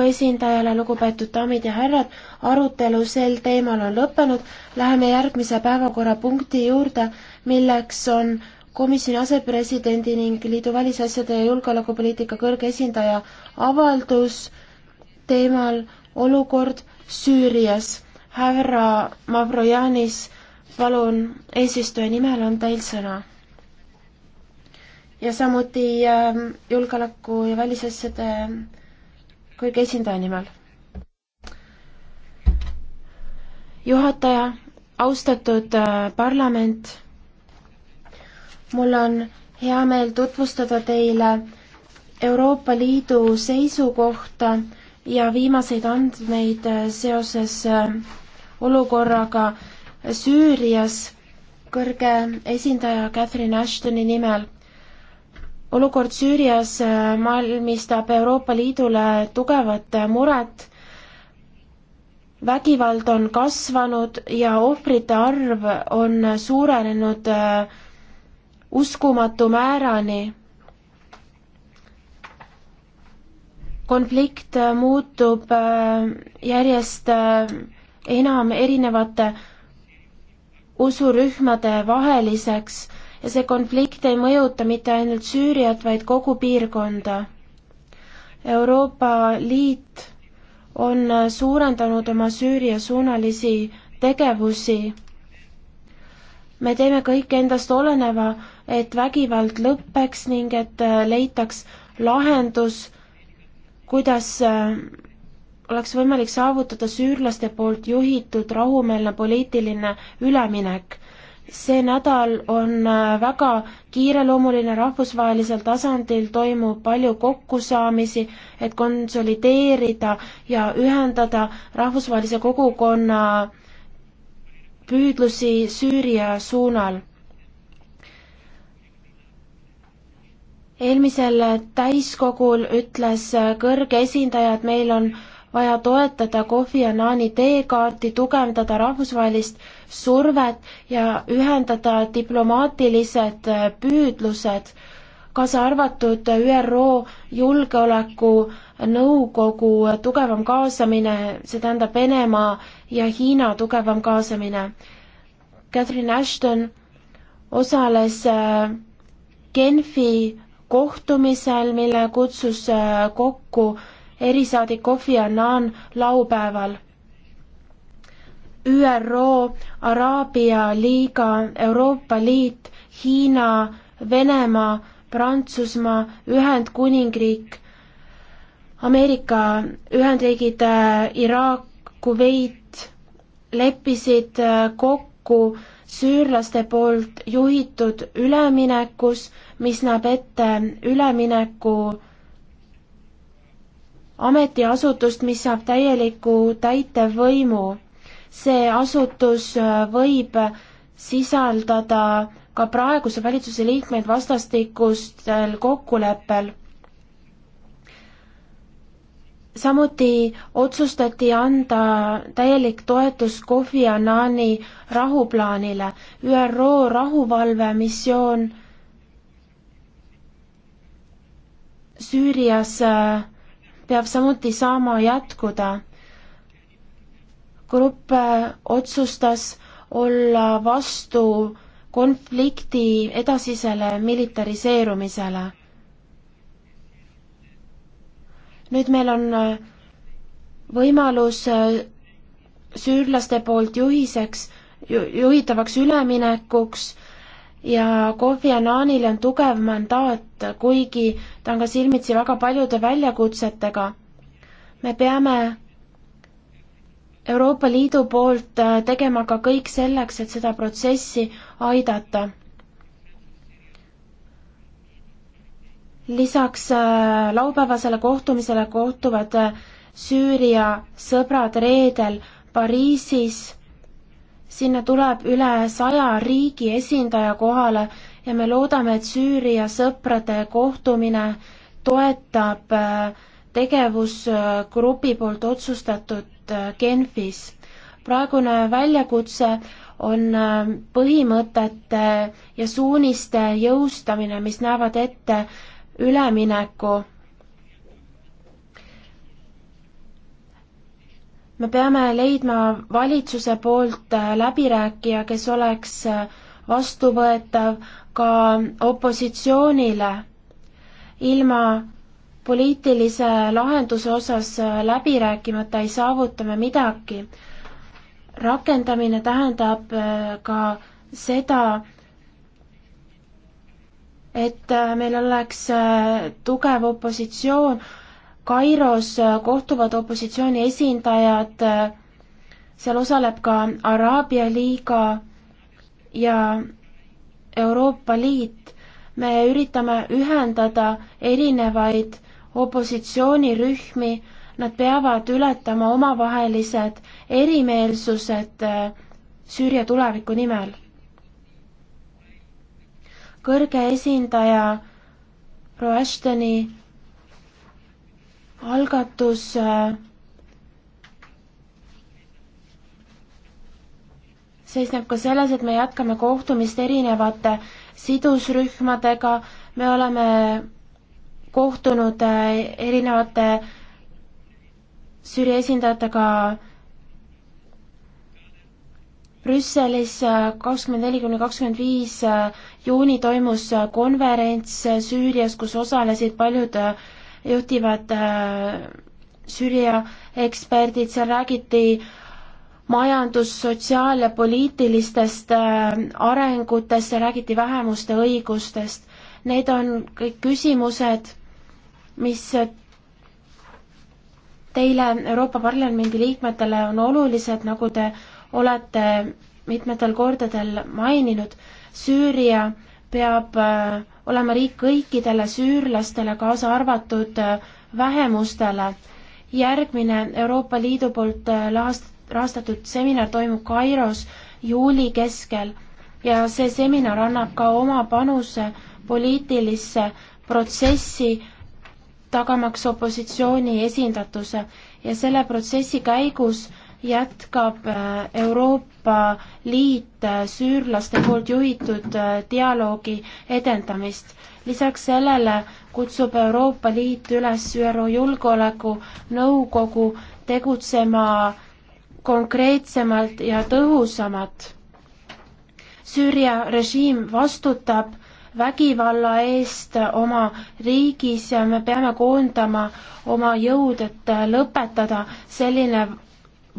nõukogu esindajale, lugupeetud daamid ja härrad, arutelu sel teemal on lõppenud, läheme järgmise päevakorrapunkti juurde, milleks on komisjoni asepresidendi ning liidu välisasjade ja julgeolekupoliitika kõrge esindaja avaldus teemal olukord Süürias. härra Mavrojanis, palun, eesistuja nimel on teil sõna ja samuti ähm, julgeoleku ja välisasjade kõige esindaja nimel. juhataja, austatud äh, parlament, mul on hea meel tutvustada teile Euroopa Liidu seisukohta ja viimaseid andmeid äh, seoses äh, olukorraga Süürias kõrge esindaja Catherine Ashtoni nimel olukord Süürias äh, valmistab Euroopa Liidule tugevat äh, muret. vägivald on kasvanud ja ohvrite arv on suurenenud äh, uskumatu määrani. konflikt muutub järjest enam erinevate usurühmade vaheliseks ja see konflikt ei mõjuta mitte ainult Süüriat, vaid kogu piirkonda. Euroopa Liit on suurendanud oma Süüria-suunalisi tegevusi. me teeme kõik endast oleneva, et vägivald lõpeks ning et leitaks lahendus, kuidas äh, oleks võimalik saavutada süürlaste poolt juhitud rahumeelne poliitiline üleminek see nädal on äh, väga kiireloomuline, rahvusvahelisel tasandil toimub palju kokkusaamisi, et konsolideerida ja ühendada rahvusvahelise kogukonna püüdlusi Süüria suunal. eelmisel täiskogul ütles kõrge esindaja, et meil on vaja toetada Kofi Annani teekaarti, tugevdada rahvusvahelist survet ja ühendada diplomaatilised püüdlused, kaasa arvatud ÜRO Julgeolekunõukogu tugevam kaasamine, see tähendab Venemaa ja Hiina tugevam kaasamine. Catherine Ashton osales äh, Genfi kohtumisel, mille kutsus äh, kokku erisaadik Kofi Annan laupäeval. ÜRO, Araabia Liiga, Euroopa Liit, Hiina, Venemaa, Prantsusmaa, Ühendkuningriik, Ameerika Ühendriigid, äh, Iraak, Kuveit leppisid äh, kokku süürlaste poolt juhitud üleminekus, mis näeb ette ülemineku ametiasutust, mis saab täieliku täitevvõimu. see asutus äh, võib sisaldada ka praeguse valitsuse liikmeid vastastikustel kokkuleppel. samuti otsustati anda täielik toetus Kofi Annani rahuplaanile. ÜRO rahuvalvemissioon Süürias äh, peab samuti saama jätkuda. grupp äh, otsustas olla vastu konflikti edasisele militariseerumisele. nüüd meil on äh, võimalus äh, süürlaste poolt juhiseks, juhitavaks üleminekuks ja Kofi Annanil on tugev mandaat, kuigi ta on ka silmitsi väga paljude väljakutsetega. me peame Euroopa Liidu poolt äh, tegema ka kõik selleks, et seda protsessi aidata. lisaks äh, laupäevasele kohtumisele kohtuvad äh, Süüria sõbrad reedel Pariisis sinna tuleb üle saja riigi esindaja kohale ja me loodame, et Süüria sõprade kohtumine toetab äh, tegevusgrupi poolt otsustatud äh, Genfis. praegune väljakutse on äh, põhimõtete ja suuniste jõustamine, mis näevad ette ülemineku me peame leidma valitsuse poolt äh, läbirääkija, kes oleks äh, vastuvõetav ka opositsioonile. ilma poliitilise lahenduse osas äh, läbi rääkimata ei saavuta me midagi. rakendamine tähendab ka seda, et meil oleks tugev opositsioon, Kairos äh, kohtuvad opositsiooni esindajad, äh, seal osaleb ka Araabia liiga ja Euroopa Liit. me üritame ühendada erinevaid opositsioonirühmi, nad peavad ületama omavahelised erimeelsused äh, Süüria tuleviku nimel. kõrge esindaja proua Ashtoni algatus äh, seisneb ka selles, et me jätkame kohtumist erinevate sidusrühmadega, me oleme kohtunud äh, erinevate Süüria esindajatega Brüsselis äh, kakskümmend neli kuni kakskümmend viis juuni toimus konverents Süürias, kus osalesid paljud juhtivad äh, Süüria eksperdid, seal räägiti majandus, sotsiaal- ja poliitilistest äh, arengutest, räägiti vähemuste õigustest. Need on kõik küsimused, mis teile, Euroopa Parlamendi liikmetele, on olulised, nagu te olete mitmetel kordadel maininud. Süüria peab äh, olema riik kõikidele süürlastele, kaasa arvatud äh, vähemustele. järgmine Euroopa Liidu poolt äh, lahast-, rahastatud seminar toimub Kairos juuli keskel ja see seminar annab ka oma panuse poliitilisse protsessi, tagamaks opositsiooni esindatuse ja selle protsessi käigus jätkab äh, Euroopa Liit äh, süürlaste poolt juhitud äh, dialoogi edendamist. lisaks sellele kutsub Euroopa Liit üles ÜRO Julgeolekunõukogu tegutsema konkreetsemalt ja tõhusamalt. Süüria režiim vastutab vägivalla eest oma riigis ja me peame koondama oma jõud, et lõpetada selline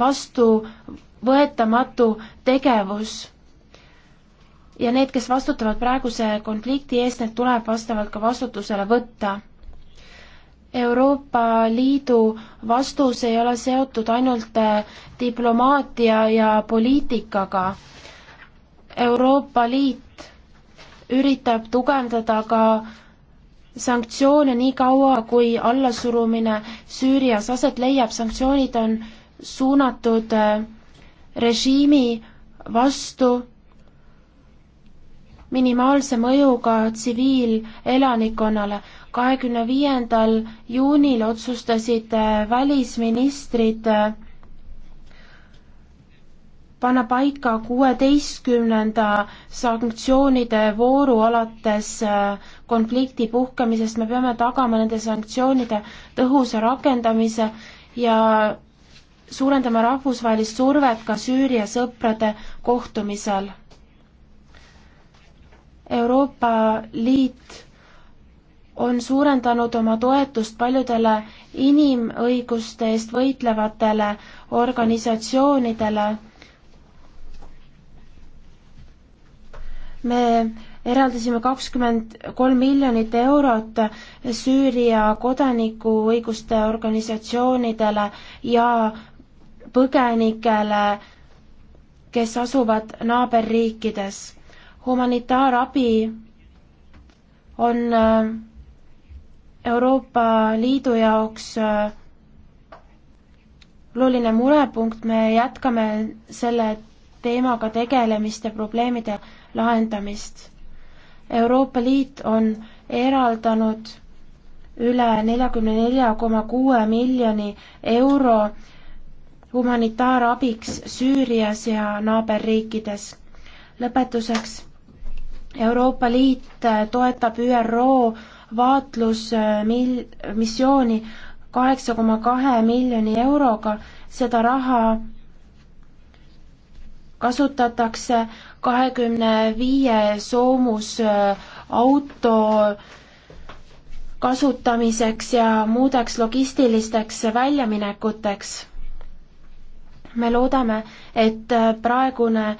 vastuvõetamatu tegevus. ja need, kes vastutavad praeguse konflikti eest, need tuleb vastavalt ka vastutusele võtta Euroopa Liidu vastus ei ole seotud ainult äh, diplomaatia ja poliitikaga. Euroopa Liit üritab tugevdada ka sanktsioone nii kaua, kui allasurumine Süürias aset leiab, sanktsioonid on suunatud äh, režiimi vastu minimaalse mõjuga tsiviilelanikkonnale. kahekümne viiendal juunil otsustasid äh, välisministrid äh, panna paika kuueteistkümnenda sanktsioonide vooru alates konflikti puhkemisest, me peame tagama nende sanktsioonide tõhusa rakendamise ja suurendama rahvusvahelist survet ka Süüria sõprade kohtumisel. Euroopa Liit on suurendanud oma toetust paljudele inimõiguste eest võitlevatele organisatsioonidele. me eraldasime kakskümmend kolm miljonit eurot Süüria kodanikuõiguste organisatsioonidele ja põgenikele, kes asuvad naaberriikides. humanitaarabi on äh, Euroopa Liidu jaoks äh, oluline murepunkt, me jätkame selle teemaga tegelemist ja probleemide lahendamist. Euroopa Liit on eraldanud üle neljakümne nelja koma kuue miljoni euro humanitaarabiks Süürias ja naaberriikides. lõpetuseks, Euroopa Liit toetab ÜRO vaatlusmil-, äh, missiooni kaheksa koma kahe miljoni euroga, seda raha kasutatakse kahekümne viie soomusauto äh, kasutamiseks ja muudeks logistilisteks väljaminekuteks me loodame, et äh, praegune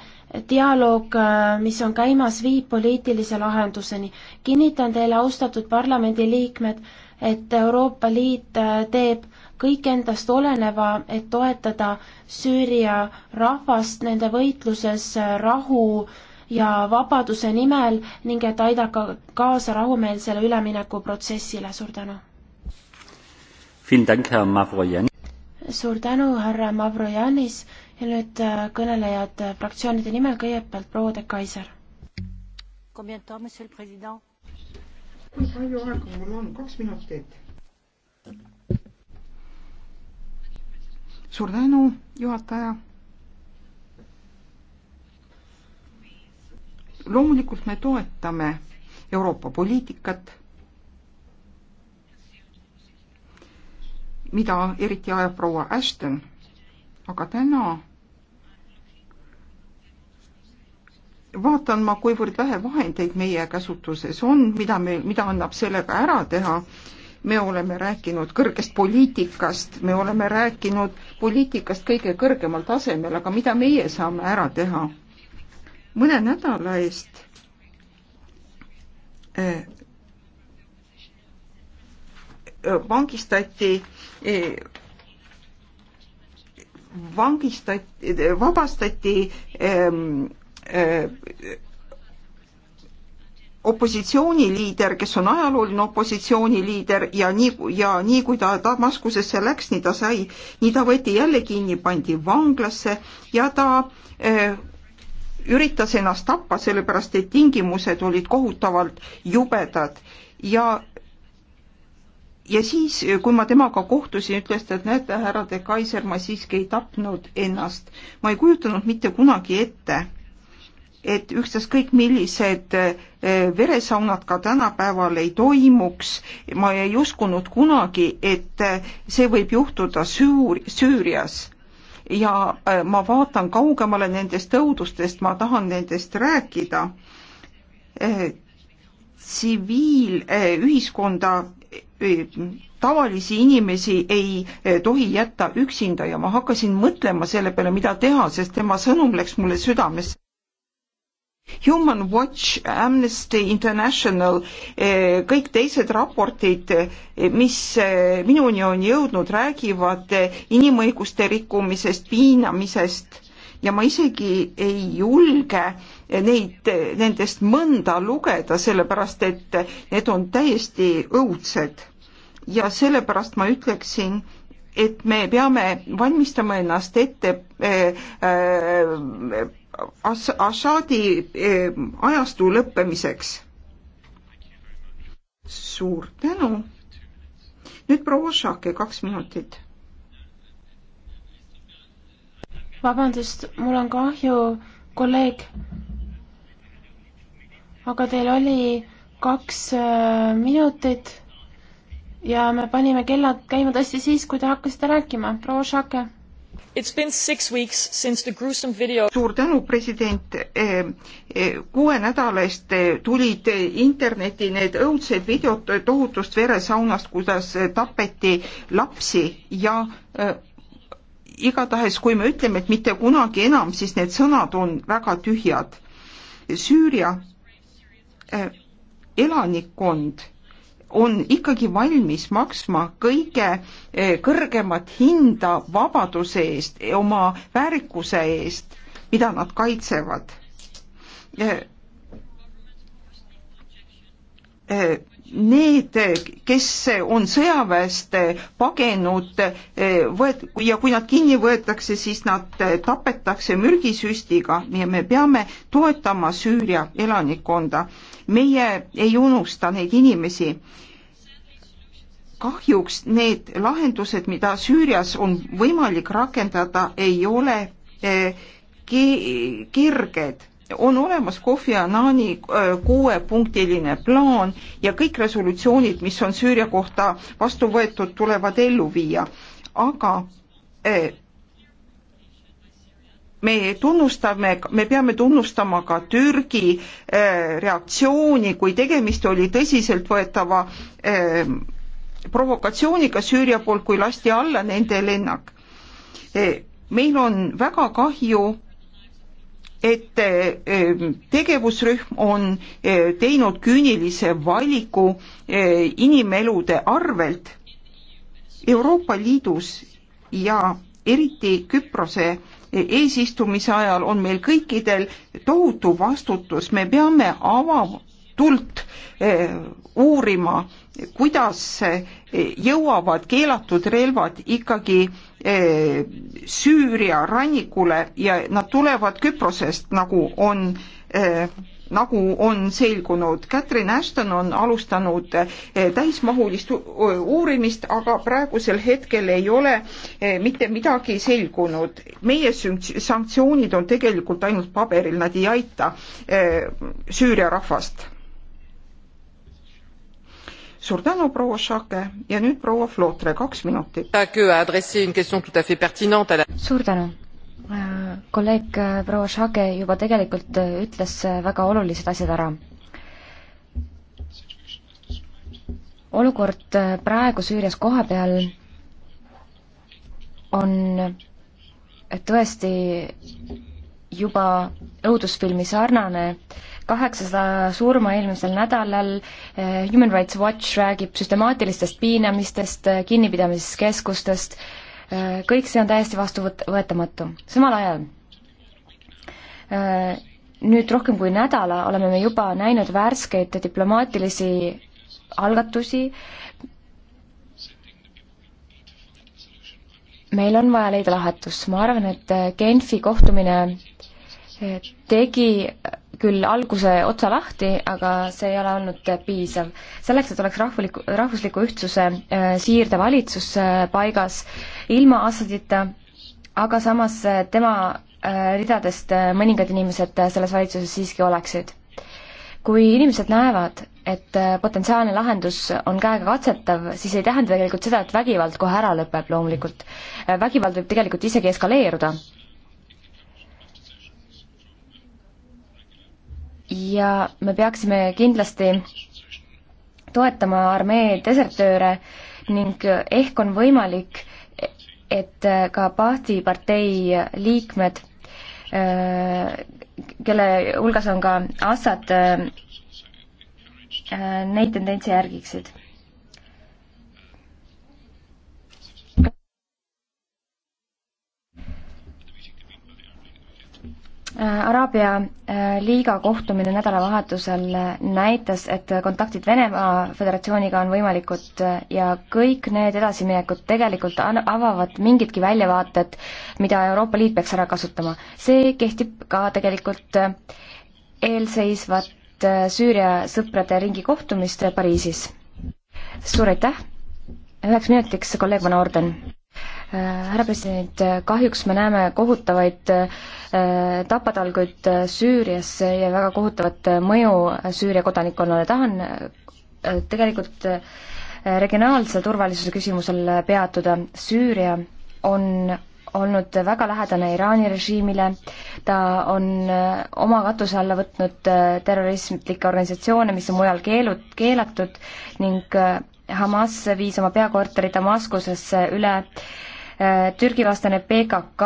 dialoog, äh, mis on käimas, viib poliitilise lahenduseni. kinnitan teile, austatud parlamendiliikmed, et Euroopa Liit äh, teeb kõik endast oleneva, et toetada Süüria rahvast nende võitluses rahu ja vabaduse nimel ning et aidaka kaasa rahumeelsele üleminekuprotsessile. suur tänu! suur tänu, härra Mavrojanis ja nüüd äh, kõnelejad äh, fraktsioonide nimel, kõigepealt proua de Kaiser. kui palju aega mul on, kaks minutit? suur tänu, juhataja. loomulikult me toetame Euroopa poliitikat mida eriti ajab proua Ashton. aga täna vaatan ma, kuivõrd vähe vahendeid meie käsutuses on, mida me, mida annab sellega ära teha. me oleme rääkinud kõrgest poliitikast, me oleme rääkinud poliitikast kõige kõrgemal tasemel, aga mida meie saame ära teha? mõne nädala eest eh, vangistati e, vangistati, e, vabastati e, opositsiooniliider, kes on ajalooline opositsiooniliider ja nii, ja nii kui ta Damaskusesse läks, nii ta sai, nii ta võeti jälle kinni, pandi vanglasse ja ta äh, üritas ennast tappa, sellepärast et tingimused olid kohutavalt jubedad ja ja siis, eh, kui ma temaga kohtusin, ütles ta, et näete, härra de Kaiser, ma siiski ei tapnud ennast. ma ei kujutanud mitte kunagi ette, et ükstaskõik millised eh, veresaunad ka tänapäeval ei toimuks, ma ei uskunud kunagi, et eh, see võib juhtuda Süür-, Süürias. ja ma vaatan kaugemale nendest õudustest, ma tahan nendest rääkida tsiviilühiskonda tavalisi inimesi ei tohi jätta üksinda ja ma hakkasin mõtlema selle peale, mida teha, sest tema sõnum läks mulle südamesse. Human Watch, Amnesty International, kõik teised raportid, mis minuni on jõudnud, räägivad inimõiguste rikkumisest, piinamisest ja ma isegi ei julge neid, nendest mõnda lugeda, sellepärast et need on täiesti õudsed ja sellepärast ma ütleksin, et me peame valmistama ennast ette eh, eh, As-, Assaadi eh, ajastu lõppemiseks. suur tänu. nüüd proua Šake, kaks minutit. vabandust, mul on kahju, kolleeg, aga teil oli kaks minutit ja me panime kellad käima tõesti siis, kui te hakkasite rääkima, proua Šake. It's been six weeks since the gruesome video suur tänu, president. Eh, eh, kuue nädala eest eh, tulid internetti need õudsed videod tohutust veresaunast, kuidas tapeti lapsi ja igatahes, kui me ütleme, et mitte kunagi enam, siis need sõnad on väga tühjad. Süüria elanikkond on ikkagi valmis maksma kõige eh, kõrgemat hinda vabaduse eest, oma väärikuse eest, mida nad kaitsevad. Eh, eh, need, kes on sõjaväest pagenud eh, võet- ja kui nad kinni võetakse, siis nad tapetakse mürgisüstiga ja me peame toetama Süüria elanikkonda. meie ei unusta neid inimesi. kahjuks need lahendused, mida Süürias on võimalik rakendada, ei ole eh, kerged on olemas Kofi Annani äh, kuuepunktiline plaan ja kõik resolutsioonid, mis on Süüria kohta vastu võetud, tulevad ellu viia, aga äh, me tunnustame, me peame tunnustama ka Türgi äh, reaktsiooni, kui tegemist oli tõsiseltvõetava provokatsiooniga Süüria poolt, kui lasti alla nende lennak. meil on väga kahju et eh, tegevusrühm on eh, teinud küünilise valiku eh, inimelude arvelt Euroopa Liidus ja eriti Küprose eesistumise ajal on meil kõikidel tohutu vastutus, me peame ava, hooletult eh, uurima, kuidas eh, jõuavad keelatud relvad ikkagi eh, Süüria rannikule ja nad tulevad Küprosest, nagu on nagu on selgunud. Catherine Ashton on alustanud täismahulist uurimist, aga praegusel hetkel ei ole mitte midagi selgunud. meie sanktsioonid on tegelikult ainult paberil, nad ei aita Süüria rahvast suur tänu, proua Šake ja nüüd proua Flootre, kaks minutit. suur tänu. Äh, kolleeg äh, proua Šake juba tegelikult äh, ütles väga olulised asjad ära. olukord praegu Süürias kohapeal on tõesti juba õudusfilmi sarnane äh, kaheksasada surma eelmisel nädalal, Human Rights Watch räägib süstemaatilistest piinamistest, kinnipidamiskeskustest, kõik see on täiesti vastuvõetamatu. samal ajal nüüd rohkem kui nädala oleme me juba näinud värskeid diplomaatilisi algatusi, meil on vaja leida lahendus, ma arvan, et Genfi kohtumine tegi küll alguse otsa lahti, aga see ei ole olnud piisav. selleks, et oleks rahvuliku, rahvusliku ühtsuse äh, siirdevalitsus äh, paigas ilma Assadita, aga samas äh, tema ridadest mõningad inimesed selles valitsuses siiski oleksid. kui inimesed näevad, et potentsiaalne lahendus on käegakatsetav, siis ei tähenda tegelikult seda, et vägivald kohe ära lõpeb loomulikult. vägivald võib tegelikult isegi eskaleeruda ja me peaksime kindlasti toetama armee desertööre ning ehk on võimalik, et ka Bahti partei liikmed, äh, kelle hulgas on ka Assad, äh, äh, neid tendentse järgiksid Äh, Araabia äh, liiga kohtumine nädalavahetusel äh, näitas, et kontaktid Venemaa Föderatsiooniga on võimalikud ja kõik need edasiminekud tegelikult avavad mingidki väljavaated, mida Euroopa Liit peaks ära kasutama. see kehtib ka tegelikult eelseisvat Süüria sõprade ringi kohtumist Pariisis. suur aitäh, üheks minutiks kolleeg Van Orden härra president, kahjuks me näeme kohutavaid äh, tapatalguid äh, Süürias ja väga kohutavat äh, mõju Süüria kodanikkonnale, tahan tegelikult regionaalse turvalisuse küsimusel peatuda, Süüria on olnud väga lähedane Iraani režiimile, ta on oma katuse alla võtnud terroristlikke organisatsioone, mis on mujal keelud, keelatud ning Hamas viis oma peakorteri Damaskusesse üle äh, Türgi vastane PKK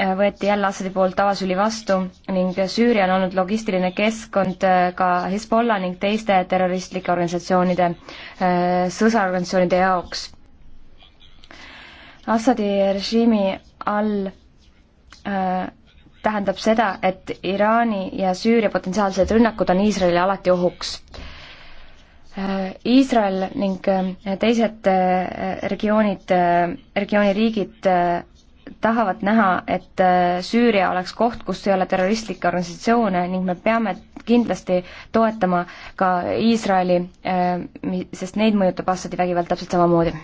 äh, võeti jälle Assadi poolt avasüli vastu ning Süüria on olnud logistiline keskkond äh, ka Hezbollah ning teiste terroristlike organisatsioonide, äh, sõsarorganisatsioonide jaoks. Assadi režiimi all äh, tähendab seda, et Iraani ja Süüria potentsiaalsed rünnakud on Iisraeli alati ohuks Iisrael ning äh, teised äh, regioonid, äh, regiooni riigid tahavad näha, et Süüria oleks koht, kus ei ole terroristlikke organisatsioone ning me peame kindlasti toetama ka Iisraeli, sest neid mõjutab Assadi vägivald täpselt samamoodi.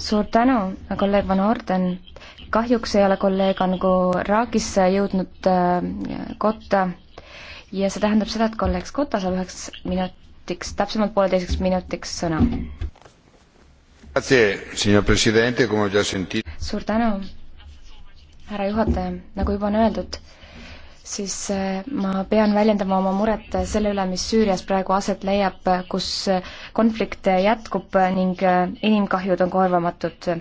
suur tänu, kolleeg Van Orden. kahjuks ei ole kolleeg Angu Raagisse jõudnud kotta ja see tähendab seda, et kolleeg Skotta saab üheks minutiks, täpsemalt pooleteiseks minutiks sõna. suur tänu, härra juhataja, nagu juba on öeldud, siis eh, ma pean väljendama oma muret selle üle, mis Süürias praegu aset leiab, kus konflikt jätkub ning eh, inimkahjud on korvamatud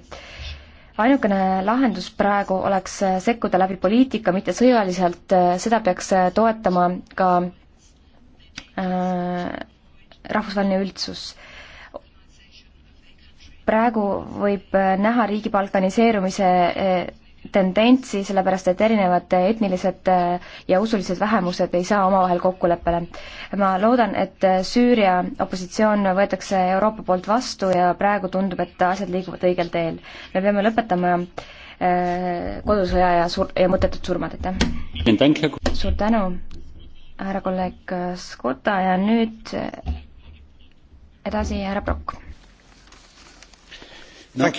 ainukene lahendus praegu oleks äh, sekkuda läbi poliitika, mitte sõjaliselt, äh, seda peaks äh, toetama ka äh, rahvusvaheline üldsus. praegu võib näha riigi balkaniseerumise äh, tendentsi, sellepärast et erinevad etnilised äh, ja usulised vähemused ei saa omavahel kokkuleppele. ma loodan, et äh, Süüria opositsioon võetakse Euroopa poolt vastu ja praegu tundub, et asjad liiguvad õigel teel. me peame lõpetama äh, kodusõja ja sur-, ja mõttetud surmad, aitäh! suur tänu, härra kolleeg Skota ja nüüd edasi härra Brock no,.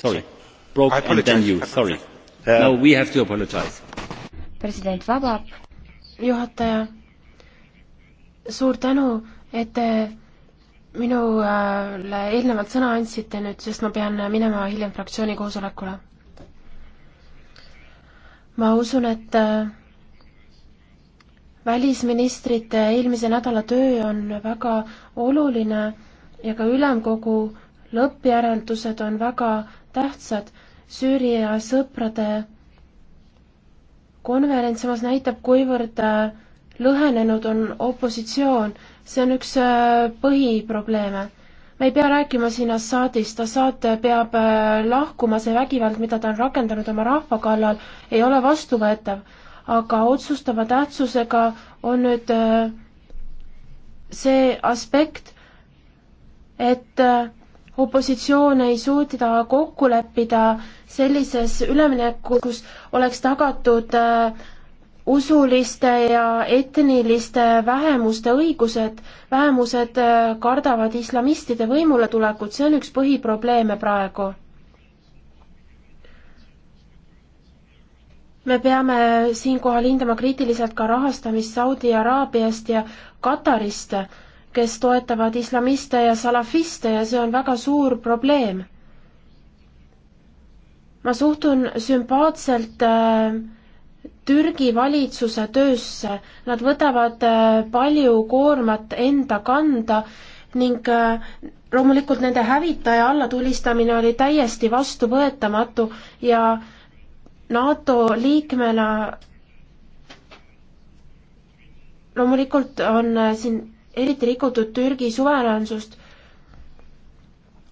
Sorry Brock I and then you, sorry. No uh, we have to apologize. president vabab. juhataja, suur tänu, et te minule eelnevalt sõna andsite nüüd, sest ma pean minema hiljem fraktsiooni koosolekule. ma usun, et äh, välisministrite eelmise nädala töö on väga oluline ja ka ülemkogu lõppjäreldused on väga tähtsad. Süüria sõprade konverents samas näitab, kuivõrd äh, lõhenenud on opositsioon, see on üks äh, põhiprobleeme. me ei pea rääkima siin Assadist, Assad peab äh, lahkuma, see vägivald, mida ta on rakendanud oma rahva kallal, ei ole vastuvõetav. aga otsustava tähtsusega on nüüd see aspekt, et äh, opositsioon ei suutnud kokku leppida sellises üleminekus, kus oleks tagatud äh, usuliste ja etniliste vähemuste õigused. vähemused äh, kardavad islamistide võimuletulekut, see on üks põhiprobleeme praegu. me peame siinkohal hindama kriitiliselt ka rahastamist Saudi Araabiast ja Katarist kes toetavad islamiste ja salafiste ja see on väga suur probleem. ma suhtun sümpaatselt äh, Türgi valitsuse töösse, nad võtavad äh, palju koormat enda kanda ning äh, loomulikult nende hävitaja allatulistamine oli täiesti vastuvõetamatu ja NATO liikmena loomulikult on äh, siin eriti rikutud Türgi suveräänsust.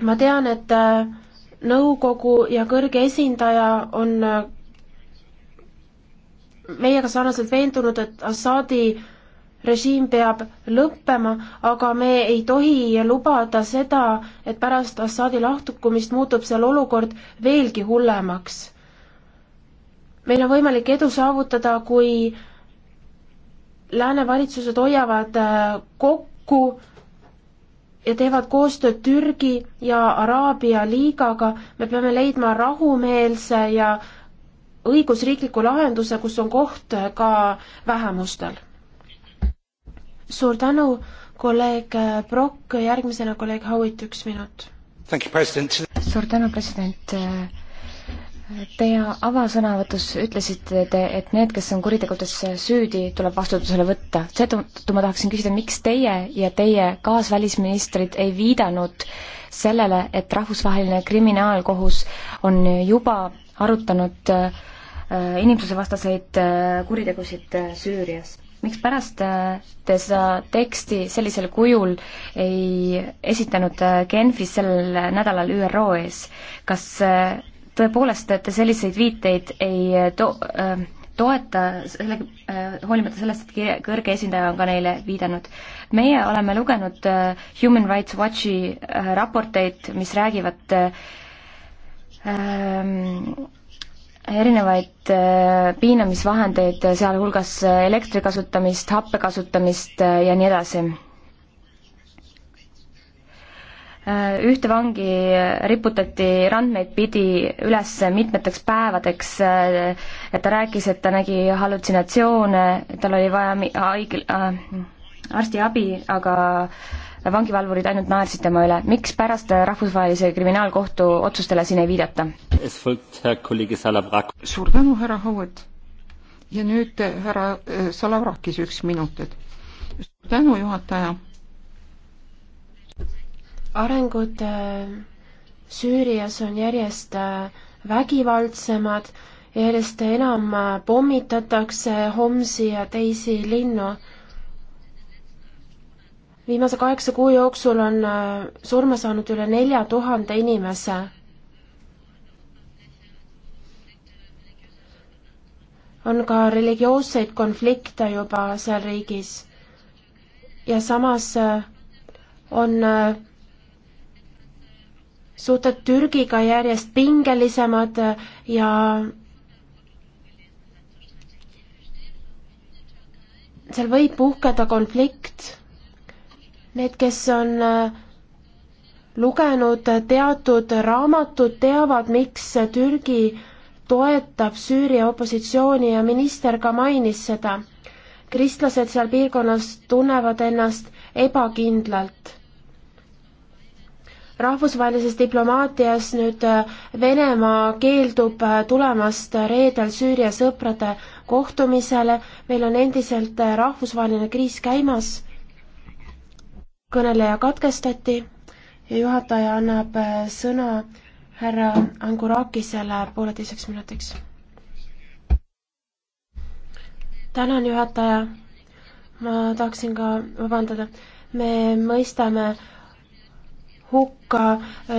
ma tean, et äh, nõukogu ja kõrge esindaja on äh, meiega sarnaselt veendunud, et Assadi režiim peab lõppema, aga me ei tohi lubada seda, et pärast Assadi lahtukumist muutub seal olukord veelgi hullemaks. meil on võimalik edu saavutada, kui lääne valitsused hoiavad äh, kokku ja teevad koostööd Türgi ja Araabia liigaga, me peame leidma rahumeelse ja õigusriikliku lahenduse, kus on koht äh, ka vähemustel. suur tänu, kolleeg äh, Brock, järgmisena kolleeg Howitt, üks minut. suur tänu, president Teie avasõnavõtus ütlesite te, et need, kes on kuritegudes süüdi, tuleb vastutusele võtta. seetõttu ma tahaksin küsida, miks teie ja teie kaasvälisministrid ei viidanud sellele, et Rahvusvaheline Kriminaalkohus on juba arutanud äh, inimsusevastaseid äh, kuritegusid äh, Süürias? mikspärast te seda teksti sellisel kujul ei esitanud Genfis sel nädalal ÜRO ees? kas tõepoolest, et selliseid viiteid ei to-, äh, toeta selle, äh, hoolimata sellest, et kõrge esindaja on ka neile viidanud. meie oleme lugenud äh, Human Rights Watchi raporteid, mis räägivad ähm, erinevaid piinamisvahendeid, sealhulgas elektri kasutamist, happe kasutamist ja nii edasi ühte vangi riputati randmeid pidi üles mitmeteks päevadeks, ta rääkis, et ta nägi hallutsinatsioone, tal oli vaja haigl- äh,, arstiabi, aga vangivalvurid ainult naersid tema üle. miks pärast Rahvusvahelise Kriminaalkohtu otsustele siin ei viidata? suur tänu, härra Howard! ja nüüd äh, härra äh, Salavrakis üks minut, et suur tänu, juhataja arengud äh, Süürias on järjest äh, vägivaldsemad, järjest enam äh, pommitatakse Homsi ja teisi linnu. viimase kaheksa kuu jooksul on surma saanud üle nelja tuhande inimese. on ka religioosseid konflikte juba seal riigis. ja samas on suhted Türgiga järjest pingelisemad ja seal võib puhkeda konflikt. Need, kes on äh, lugenud teatud raamatud, teavad, miks Türgi toetab Süüria opositsiooni ja minister ka mainis seda. kristlased seal piirkonnas tunnevad ennast ebakindlalt rahvusvahelises diplomaatias nüüd äh, Venemaa keeldub äh, tulemast reedel Süüria sõprade kohtumisele, meil on endiselt äh, rahvusvaheline kriis käimas. kõneleja katkestati ja juhataja annab sõna härra Angurakisele pooleteiseks minutiks. tänan, juhataja. ma tahaksin ka vabandada, me mõistame hukka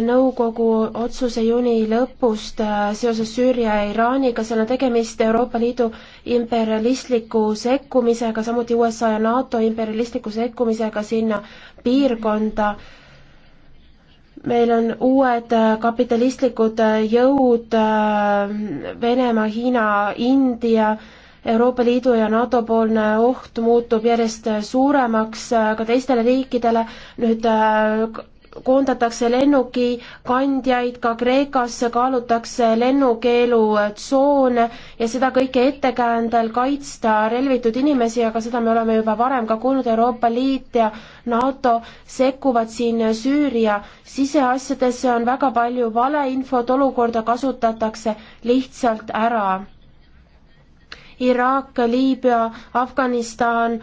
nõukogu otsuse juuni lõpust äh, seoses Süüria ja Iraaniga, seal on tegemist Euroopa Liidu imperialistliku sekkumisega, samuti USA ja NATO imperialistliku sekkumisega sinna piirkonda. meil on uued äh, kapitalistlikud äh, jõud, Venemaa, Hiina, India, Euroopa Liidu ja NATO poolne oht muutub järjest suuremaks ka teistele riikidele, nüüd koondatakse lennukikandjaid ka Kreekasse, kaalutakse lennukeelutsoone ja seda kõike ettekäändel kaitsta relvitud inimesi, aga seda me oleme juba varem ka kuulnud, Euroopa Liit ja NATO sekkuvad siin Süüria siseasjadesse, on väga palju valeinfot, olukorda kasutatakse lihtsalt ära Iraak, Liibüa, Afganistan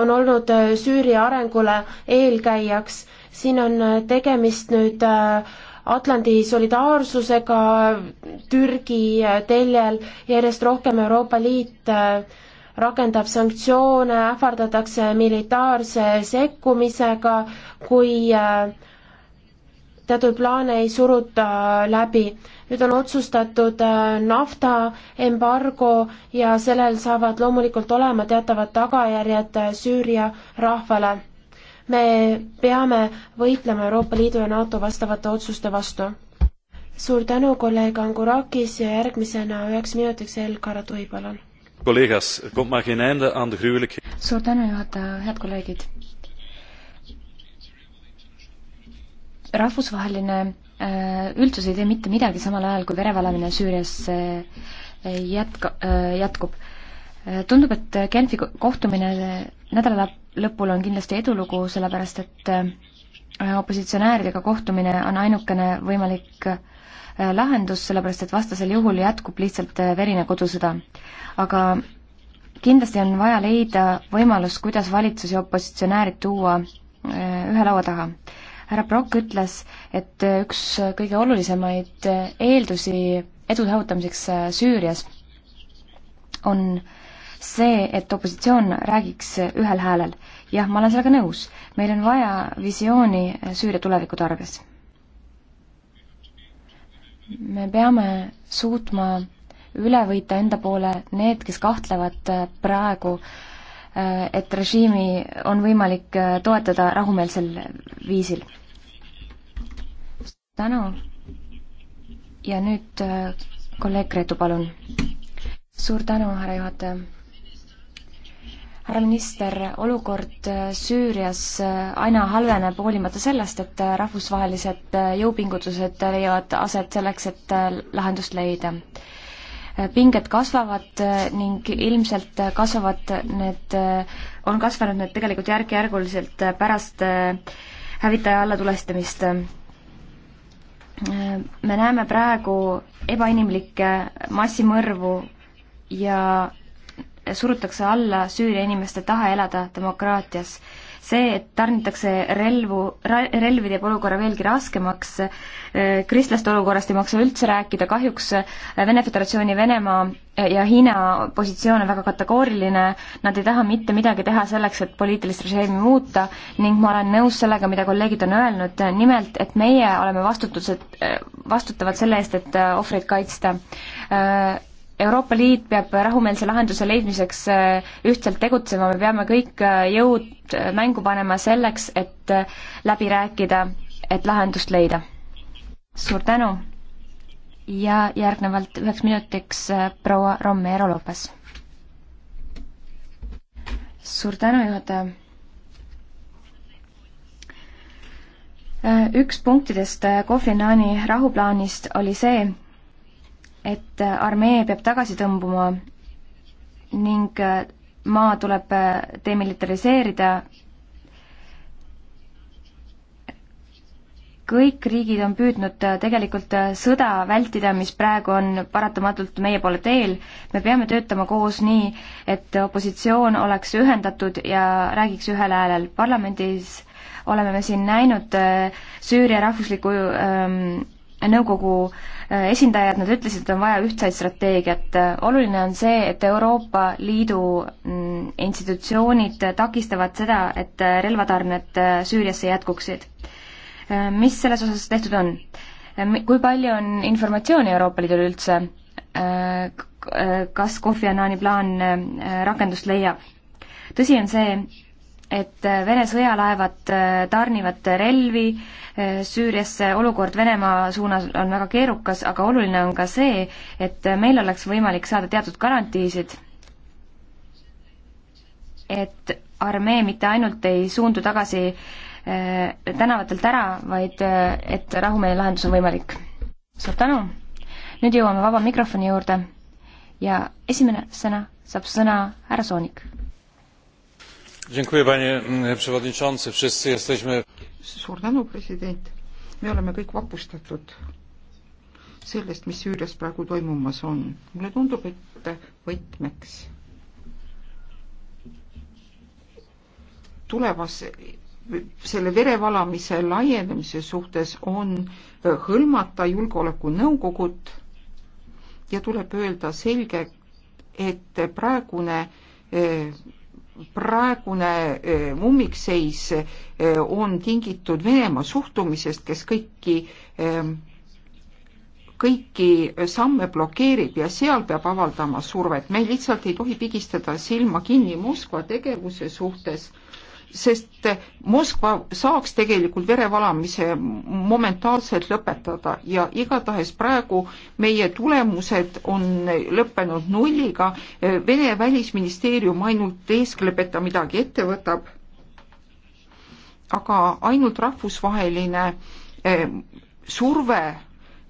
on olnud Süüria arengule eelkäijaks siin on äh, tegemist nüüd äh, Atlandi solidaarsusega Türgi äh, teljel, järjest rohkem Euroopa Liit rakendab sanktsioone, ähvardatakse militaarse sekkumisega, kui teatud plaane ei suruta läbi. nüüd on otsustatud naftaembargo ja sellel saavad loomulikult olema teatavad tagajärjed Süüria rahvale me peame võitlema Euroopa Liidu ja NATO vastavate otsuste vastu. suur tänu, kolleeg Angurakis ja järgmisena üheks minutiks Elkara Tui, palun. suur tänu, juhataja, head kolleegid. rahvusvaheline äh, üldsus ei tee mitte midagi, samal ajal kui verevalamine Süürias äh, jätka, äh, jätkub. tundub, et Genfi kohtumine nädala lõpul on kindlasti edulugu, sellepärast et äh, opositsionääridega kohtumine on ainukene võimalik äh, lahendus, sellepärast et vastasel juhul jätkub lihtsalt äh, verine kodusõda. aga kindlasti on vaja leida võimalus, kuidas valitsus ja opositsionäärid tuua ühe laua taha härra Brock ütles, et üks kõige olulisemaid eeldusi edu saavutamiseks Süürias on see, et opositsioon räägiks ühel häälel. jah, ma olen sellega nõus. meil on vaja visiooni Süüria tuleviku tarvis. me peame suutma üle võita enda poole need, kes kahtlevad praegu, et režiimi on võimalik toetada rahumeelsel viisil. tänu. ja nüüd kolleeg Reetu, palun. suur tänu, härra juhataja härra minister, olukord äh, Süürias äh, aina halveneb, hoolimata sellest, et äh, rahvusvahelised jõupingutused leiavad aset selleks, et lahendust leida. pinged kasvavad ning ilmselt kasvavad need, on kasvanud need tegelikult järk-järguliselt pärast hävitaja allatulestamist me näeme praegu ebainimlikke massimõrvu ja surutakse alla Süüria inimeste tahe elada demokraatias. see, et tarnitakse relvu, relvi teeb olukorra veelgi raskemaks, kristlaste olukorrast ei maksa üldse rääkida, kahjuks Vene Föderatsiooni, Venemaa ja Hiina positsioon on väga kategooriline, nad ei taha mitte midagi teha selleks, et poliitilist režiimi muuta ning ma olen nõus sellega, mida kolleegid on öelnud, nimelt, et meie oleme vastutused, vastutavad selle eest, et ohvreid kaitsta Euroopa Liit peab rahumeelse lahenduse leidmiseks äh, ühtselt tegutsema, me peame kõik äh, jõud äh, mängu panema selleks, et läbi rääkida, et lahendust leida. suur tänu ja järgnevalt üheks minutiks proua Romero Lopes. suur tänu, juhataja. üks punktidest Kofi Annani rahuplaanist oli see, et armee peab tagasi tõmbuma ning maa tuleb demilitariseerida. kõik riigid on püüdnud tegelikult sõda vältida, mis praegu on paratamatult meie poole teel. me peame töötama koos nii, et opositsioon oleks ühendatud ja räägiks ühel häälel. parlamendis oleme me siin näinud äh, Süüria rahvusliku ähm, nõukogu äh, esindajad, nad ütlesid, et on vaja ühtseid strateegiat. oluline on see, et Euroopa Liidu mm, institutsioonid takistavad seda, et äh, relvatarned äh, Süüriasse jätkuksid. mis selles osas tehtud on? kui palju on informatsiooni Euroopa Liidul üldse? kas Kofi Annani plaan rakendust leiab? tõsi on see, et äh, Vene sõjalaevad äh, tarnivad äh, relvi Süüriasse, olukord Venemaa suunas on väga keerukas, aga oluline on ka see, et meil oleks võimalik saada teatud garantiisid, et armee mitte ainult ei suundu tagasi tänavatelt ära, vaid et rahumeelne lahendus on võimalik. suur tänu! nüüd jõuame vaba mikrofoni juurde ja esimene sõna saab sõna härra Soonik Mm, suur tänu, president. me oleme kõik vapustatud sellest, mis Süürias praegu toimumas on. mulle tundub, et võtmeks tulevas selle verevalamise laienemise suhtes on hõlmata julgeolekunõukogud ja tuleb öelda selgelt, et praegune eh, praegune eh, ummikseis eh, on tingitud Venemaa suhtumisest, kes kõiki, eh, kõiki samme blokeerib ja seal peab avaldama survet. me lihtsalt ei tohi pigistada silma kinni Moskva tegevuse suhtes sest Moskva saaks tegelikult verevalamise momentaalselt lõpetada ja igatahes praegu meie tulemused on lõppenud nulliga. Vene välisministeerium ainult eeskleb, et ta midagi ette võtab. aga ainult rahvusvaheline eh, surve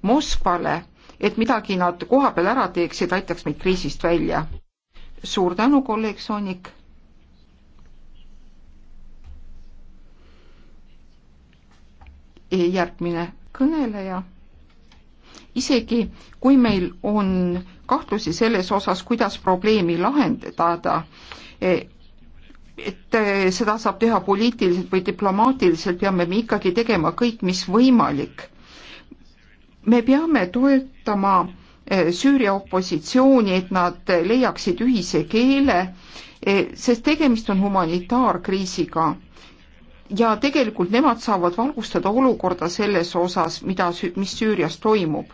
Moskvale, et midagi nad kohapeal ära teeksid, aitaks meid kriisist välja. suur tänu, kolleeg Soonik järgmine kõneleja. isegi kui meil on kahtlusi selles osas, kuidas probleemi lahendada, eh, et eh, seda saab teha poliitiliselt või diplomaatiliselt, peame me ikkagi tegema kõik, mis võimalik. me peame toetama eh, Süüria opositsiooni, et nad leiaksid ühise keele, sest tegemist on humanitaarkriisiga ja tegelikult nemad saavad valgustada olukorda selles osas, mida, mis Süürias toimub.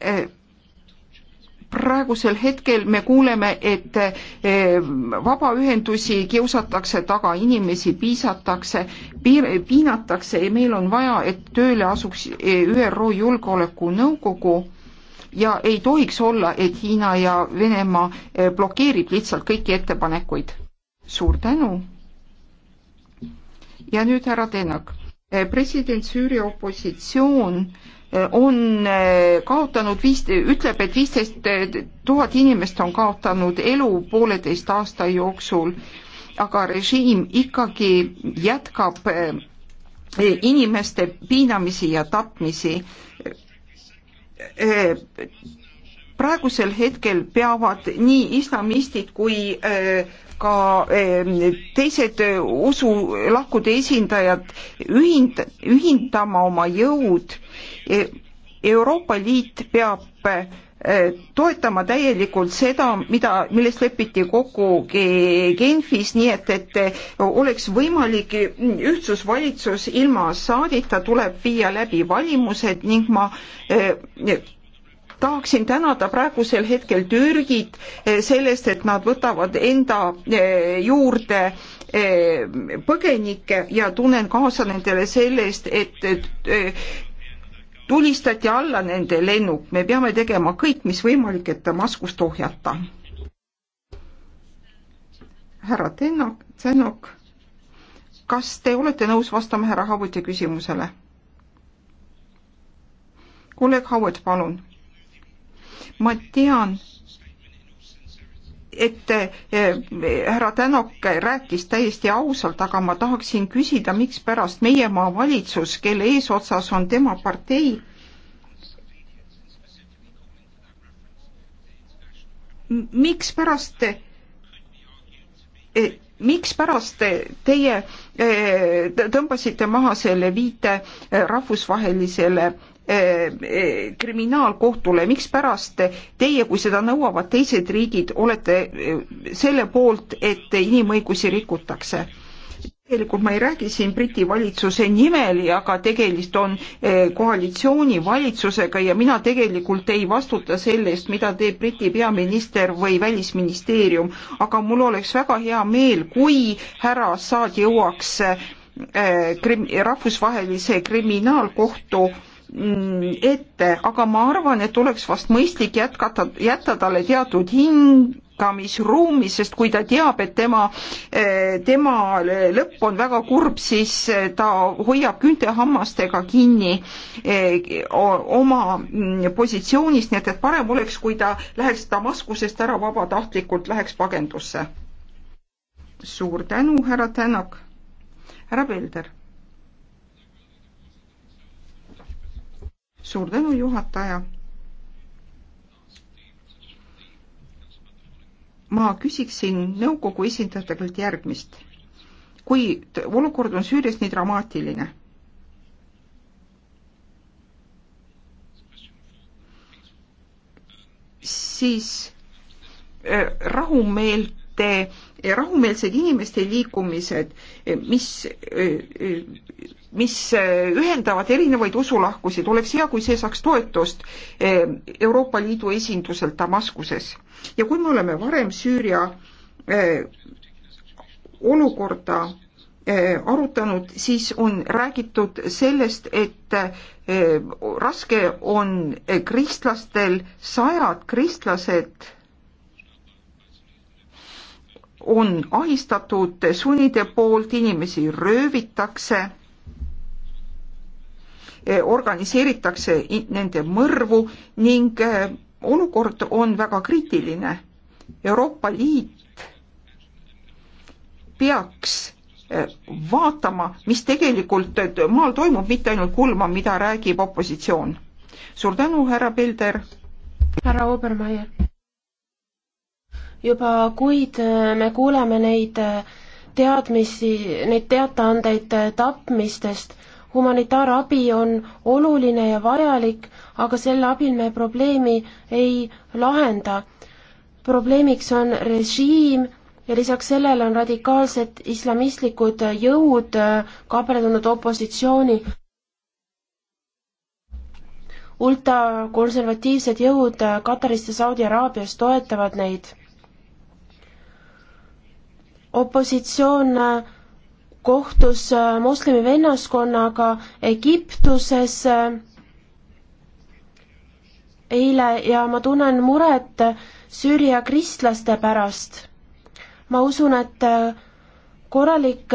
E, praegusel hetkel me kuuleme, et e, vabaühendusi kiusatakse taga, inimesi piisatakse, piinatakse ja meil on vaja, et tööle asuks e, ÜRO Julgeolekunõukogu ja ei tohiks olla, et Hiina ja Venemaa blokeerib lihtsalt kõiki ettepanekuid suur tänu. ja nüüd härra Tenak. Eh, president Süüria opositsioon eh, on eh, kaotanud viis, ütleb, et viisteist tuhat inimest on kaotanud elu pooleteist aasta jooksul, aga režiim ikkagi jätkab inimeste piinamisi ja tapmisi. praegusel hetkel peavad nii islamistid kui ka ehm, teised eh, usulahkude esindajad ühind-, ühindama oma jõud. E, Euroopa Liit peab eh, toetama täielikult seda, mida, millest lepiti kokku Genfis, nii et, et eh, oleks võimalik ühtsusvalitsus ilma saadita, tuleb viia läbi valimused ning ma tahaksin tänada praegusel hetkel Türgit eh, sellest, et nad võtavad enda eh, juurde eh, põgenikke ja tunnen kaasa nendele sellest, et tulistati alla nende lennuk, me peame tegema kõik, mis võimalik, et Damaskust ohjata. härra Tenok, Tsenok, kas te olete nõus vastama härra Hauti küsimusele? kolleeg Hauet, palun ma tean, et eh, härra Tänok rääkis täiesti ausalt, aga ma tahaksin küsida, mikspärast meie maavalitsus, kelle eesotsas on tema partei, mikspärast eh, mikspärast teie eh, tõmbasite maha selle viite rahvusvahelisele Eh, eh, kriminaalkohtule, mikspärast teie, kui seda nõuavad teised riigid, olete eh, selle poolt, et inimõigusi rikutakse? tegelikult ma ei räägi siin Briti valitsuse nimel, aga tegelist on koalitsioonivalitsusega ja mina tegelikult ei vastuta selle eest, mida teeb Briti peaminister või välisministeerium, aga mul oleks väga hea meel, kui härra Assad jõuaks krim-, rahvusvahelise kriminaalkohtu äh, Mm, ette, aga ma arvan, et oleks vast mõistlik jätkata, jätta talle teatud hingamisruumi, sest kui ta teab, et tema, eh, tema lõpp on väga kurb, siis eh, ta hoiab küüntehammastega kinni eh, oma mm, positsioonist, nii et, et parem oleks, kui ta läheks Damaskusest ära vabatahtlikult, läheks pagendusse. suur tänu, härra Tänak. härra Pelder suur tänu, juhataja. ma küsiksin nõukogu esindajatelt järgmist. kui olukord on Süürias nii dramaatiline, siis äh, rahumeelte, rahumeelsed inimeste liikumised, mis äh, äh, mis eh, ühendavad erinevaid usulahkusid, oleks hea, kui see saaks toetust eh, Euroopa Liidu esinduselt Damaskuses. ja kui me oleme varem Süüria eh, olukorda arutanud, siis on räägitud sellest, et raske on kristlastel, sajad kristlased on ahistatud sunnide poolt, inimesi röövitakse Eh, organiseeritakse nende mõrvu ning eh, olukord on väga kriitiline. Euroopa Liit peaks eh, vaatama, mis tegelikult maal toimub, mitte ainult kuulma, mida räägib opositsioon. suur tänu, härra Pilder. härra Obermeier. juba kuid me kuuleme neid teadmisi, neid teataandeid tapmistest humanitaarabi on oluline ja vajalik, aga selle abil me probleemi ei lahenda. probleemiks on režiim ja lisaks sellele on radikaalsed islamistlikud jõud äh, kaaperdunud opositsiooni. ultrakonservatiivsed jõud äh, Katarist ja Saudi Araabias toetavad neid. opositsioon äh, kohtus äh, moslemi vennaskonnaga Egiptuses äh, eile ja ma tunnen muret Süüria kristlaste pärast. ma usun, et äh, korralik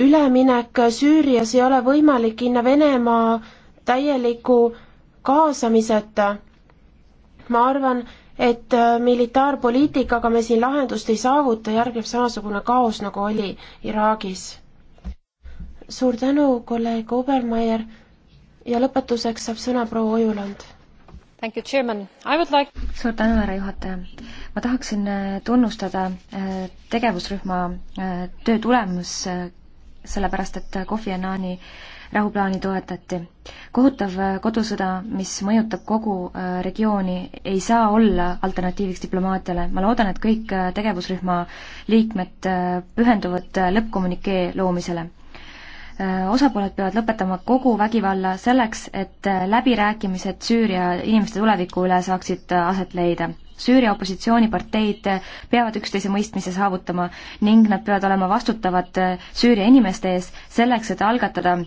üleminek Süürias ei ole võimalik ilma Venemaa täieliku kaasamiseta. ma arvan, et äh, militaarpoliitikaga me siin lahendust ei saavuta, järgneb samasugune kaos, nagu oli Iraagis. suur tänu, kolleeg Obermeier ja lõpetuseks saab sõna proua Ojuland. Like... suur tänu, härra juhataja. ma tahaksin äh, tunnustada äh, tegevusrühma töö tulemus, sellepärast et Kofi Annani rahuplaani toetati. kohutav kodusõda, mis mõjutab kogu äh, regiooni, ei saa olla alternatiiviks diplomaatiale. ma loodan, et kõik äh, tegevusrühma liikmed äh, pühenduvad lõppkommünikee loomisele osapooled peavad lõpetama kogu vägivalla selleks, et läbirääkimised Süüria inimeste tuleviku üle saaksid aset leida. Süüria opositsiooniparteid peavad üksteise mõistmise saavutama ning nad peavad olema vastutavad Süüria inimeste ees selleks, et algatada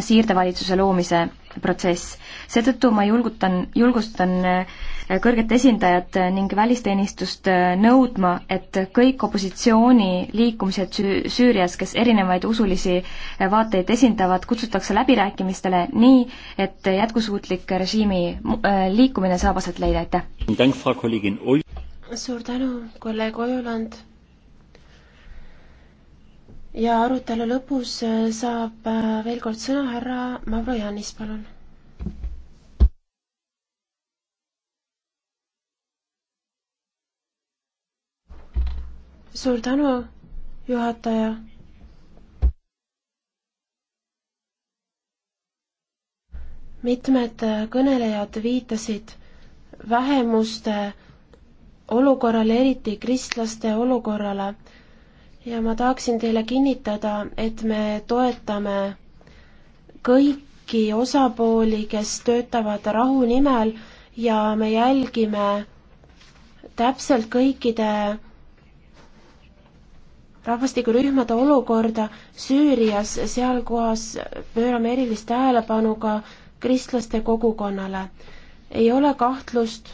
siirdevalitsuse loomise protsess. seetõttu ma julgutan, julgustan äh, kõrget esindajat äh, ning välisteenistust äh, nõudma, et kõik opositsiooniliikumised Süürias, kes erinevaid usulisi vaateid esindavad, kutsutakse läbirääkimistele nii, et jätkusuutlik režiimi liikumine saab aset leida, aitäh! suur tänu, kolleeg Ojuland! ja arutelu lõpus äh, saab äh, veel kord sõna härra Mavrojanis, palun. suur tänu, juhataja. mitmed äh, kõnelejad viitasid vähemuste olukorrale, eriti kristlaste olukorrale ja ma tahaksin teile kinnitada, et me toetame kõiki osapooli, kes töötavad rahu nimel ja me jälgime täpselt kõikide rahvastikurühmade olukorda Süürias, seal kohas pöörame erilist tähelepanu ka kristlaste kogukonnale. ei ole kahtlust,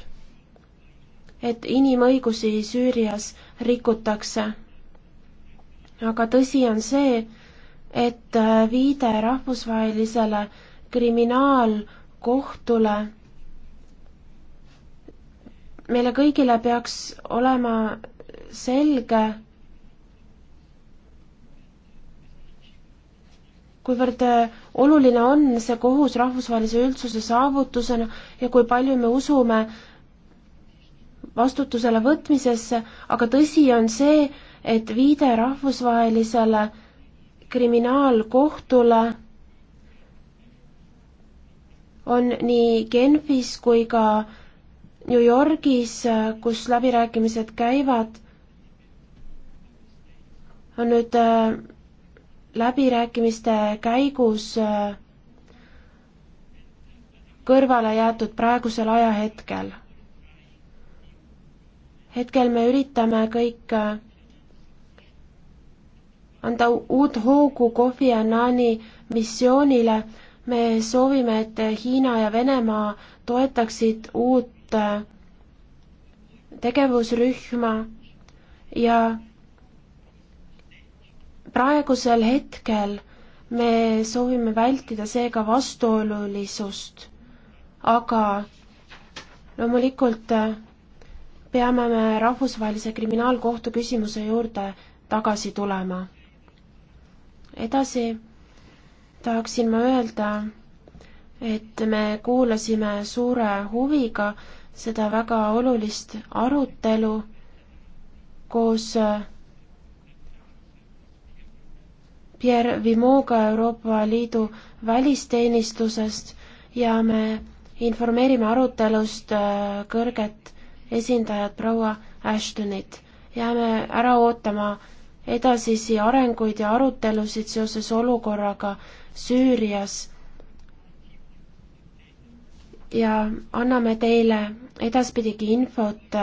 et inimõigusi Süürias rikutakse aga tõsi on see, et äh, viide rahvusvahelisele kriminaalkohtule meile kõigile peaks olema selge, kuivõrd äh, oluline on see kohus rahvusvahelise üldsuse saavutusena ja kui palju me usume vastutusele võtmisesse, aga tõsi on see, et viide rahvusvahelisele kriminaalkohtule on nii Genfis kui ka New Yorgis, kus läbirääkimised käivad, on nüüd äh, läbirääkimiste käigus äh, kõrvale jäetud praegusel ajahetkel. hetkel me üritame kõik äh, anda uut hoogu Kofi Annani missioonile. me soovime, et Hiina ja Venemaa toetaksid uut äh, tegevusrühma ja praegusel hetkel me soovime vältida seega vastuolulisust, aga loomulikult äh, peame me rahvusvahelise kriminaalkohtu küsimuse juurde tagasi tulema edasi tahaksin ma öelda, et me kuulasime suure huviga seda väga olulist arutelu koos Pierre Vimoga Euroopa Liidu välisteenistusest ja me informeerime arutelust äh, kõrget esindajat proua Ashtonit. jääme ära ootama edasisi arenguid ja arutelusid seoses olukorraga Süürias. ja anname teile edaspidigi infot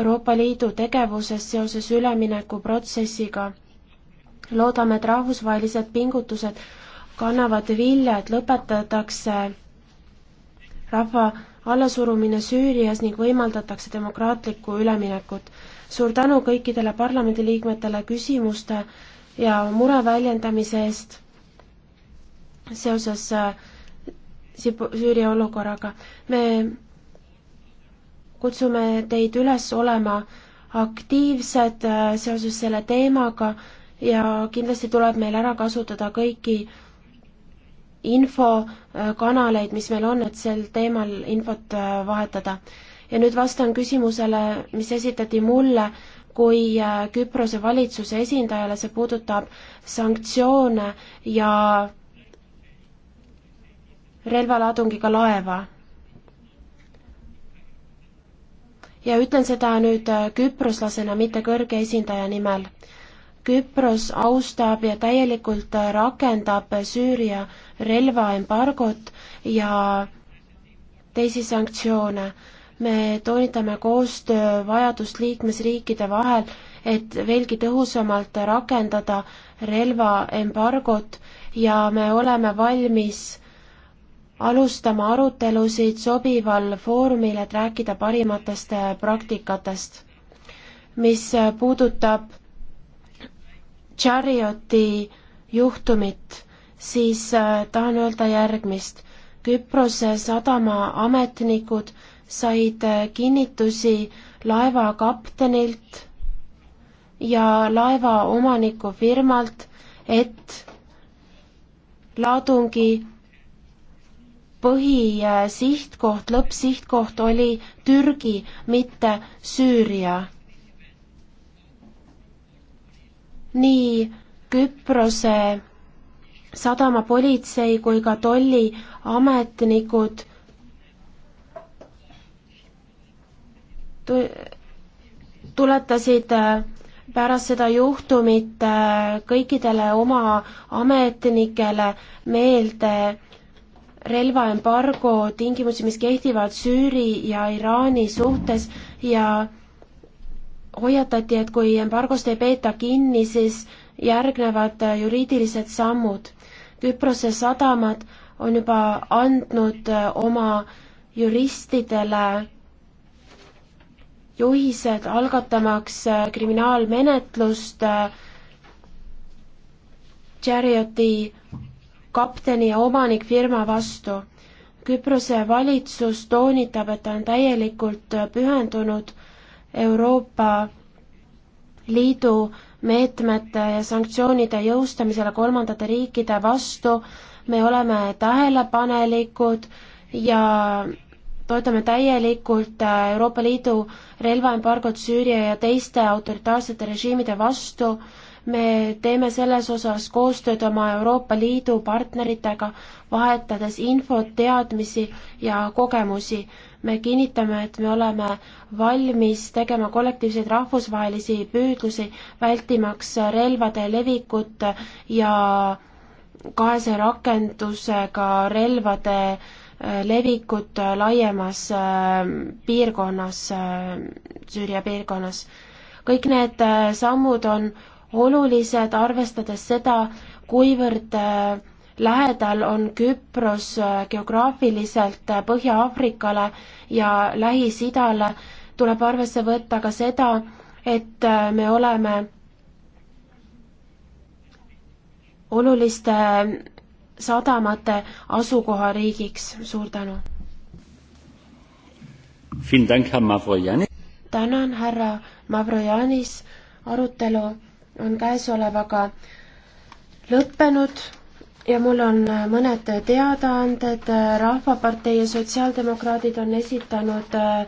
Euroopa Liidu tegevuses seoses üleminekuprotsessiga. loodame, et rahvusvahelised pingutused kannavad vilja, et lõpetatakse rahva allasurumine Süürias ning võimaldatakse demokraatlikku üleminekut suur tänu kõikidele parlamendiliikmetele küsimuste ja mure väljendamise eest seoses äh, Süüria olukorraga. me kutsume teid üles olema aktiivsed äh, seoses selle teemaga ja kindlasti tuleb meil ära kasutada kõiki infokanaleid, mis meil on, et sel teemal infot äh, vahetada ja nüüd vastan küsimusele, mis esitati mulle kui äh, Küprose valitsuse esindajale, see puudutab sanktsioone ja relvalaadungiga laeva. ja ütlen seda nüüd äh, küproslasena, mitte kõrge esindaja nimel. Küpros austab ja täielikult äh, rakendab Süüria relvaembargot ja teisi sanktsioone me toonitame koostöö vajadust liikmesriikide vahel, et veelgi tõhusamalt rakendada relvaembargot ja me oleme valmis alustama arutelusid sobival foorumil, et rääkida parimatest praktikatest. mis puudutab Charioti juhtumit, siis äh, tahan öelda järgmist. Küprose sadama ametnikud said äh, kinnitusi laeva kaptenilt ja laeva omaniku firmalt, et laadungi põhisihtkoht, äh, lõppsihtkoht oli Türgi, mitte Süüria. nii Küprose sadamapolitsei kui ka tolliametnikud tuletasid äh, pärast seda juhtumit äh, kõikidele oma ametnikele meelde relvaembargo tingimusi, mis kehtivad Süüri ja Iraani suhtes ja hoiatati, et kui embargost ei peeta kinni, siis järgnevad äh, juriidilised sammud. Küprose sadamad on juba andnud oma juristidele juhised algatamaks äh, kriminaalmenetlust äh, Charioti kapteni ja omanikfirma vastu. Küprose valitsus toonitab, et ta on täielikult äh, pühendunud Euroopa Liidu meetmete ja sanktsioonide jõustamisele kolmandate riikide vastu. me oleme tähelepanelikud ja toetame täielikult äh, Euroopa Liidu relvaembargot Süüria ja teiste autoritaarsete režiimide vastu. me teeme selles osas koostööd oma Euroopa Liidu partneritega, vahetades infot, teadmisi ja kogemusi. me kinnitame, et me oleme valmis tegema kollektiivseid rahvusvahelisi püüdlusi, vältimaks relvade levikut ja kaese rakendusega relvade äh, levikut laiemas äh, piirkonnas, äh, Süüria piirkonnas. kõik need äh, sammud on olulised, arvestades seda, kuivõrd lähedal on Küpros geograafiliselt Põhja-Aafrikale ja Lähis-Idale, tuleb arvesse võtta ka seda, et me oleme oluliste sadamate asukohariigiks. suur tänu! tänan, härra Mavrojanis, arutelu on käesolevaga lõppenud ja mul on mõned teadaanded, Rahvapartei ja Sotsiaaldemokraadid on esitanud äh,